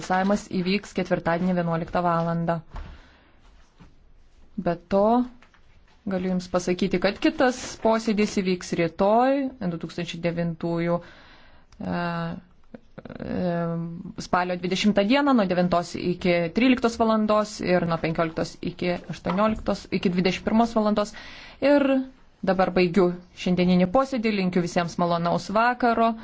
balsavimas įvyks ketvirtadienį 11 val. Be to, galiu Jums pasakyti, kad kitas posėdis įvyks rytoj, 2009 e, e, spalio 20 dieną nuo 9 iki 13 valandos ir nuo 15 iki 18 iki 21 valandos. Ir dabar baigiu šiandieninį posėdį, linkiu visiems malonaus vakaro.